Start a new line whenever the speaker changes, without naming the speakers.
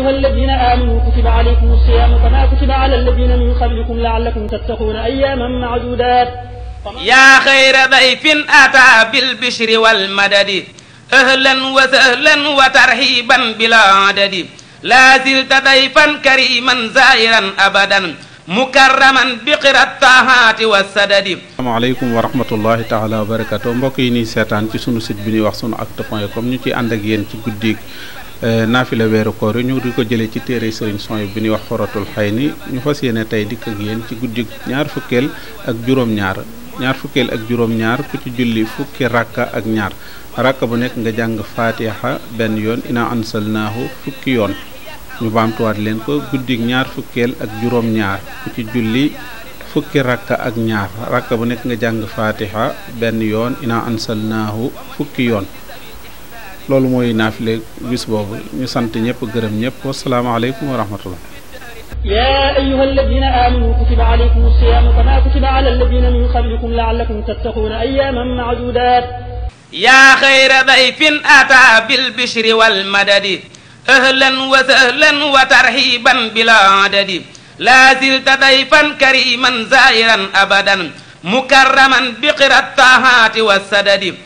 أيها الذين آمنوا كتب عليكم الصيام كما كتب على الذين من قبلكم لعلكم تتقون أياما معدودات
يا خير ضيف أتى بالبشر والمدد أهلا وسهلا وترحيبا بلا عدد لا زلت ضيفا كريما زائرا أبدا mukarraman bi qiraatahaati wa sadadi
asalaamaaleykum wa rahmatullahi taala wa barakatu mbokk yi ñuy seetaan ci sunu site bi ñuy wax sunu acte point com ñu ci ànd ak yéen ci guddi Euh, naafila weeru koor yi ñu di ko jëlee ci téere sëriñ Sooy bi ñuy wax xoratul xay ni ñu fas yéene tey dikk ak yéen ci guddi ñaar fukkeel ak juróom-ñaar ak juróom-ñaar ku ci julli fukki rakka ak ñaar rakka bu nekk nga jàng faatiha benn yoon ina ansalnaahu fukki yoon ñu baamtuwaat leen ko guddi ñaar ak juróom-ñaar ku ak ñaar rakka bu nekk nga jàng faatiha benn yoon ina ansalnaahu fukki yoon loolu mooy naafile bis boobu ñu sant ñëpp gërëm ñëpp wasalaamaaleykum wa rahmatullah
يا أيها الذين آمنوا كتب عليكم الصيام كما كتب على الذين من قبلكم لعلكم تتقون أياما معدودات
يا خير ضيف أتى بالبشر والمدد أهلا وسهلا وترحيبا بلا عدد لا زلت ضيفا كريما زائرا أبدا مكرما بقرى الطاعات والسدد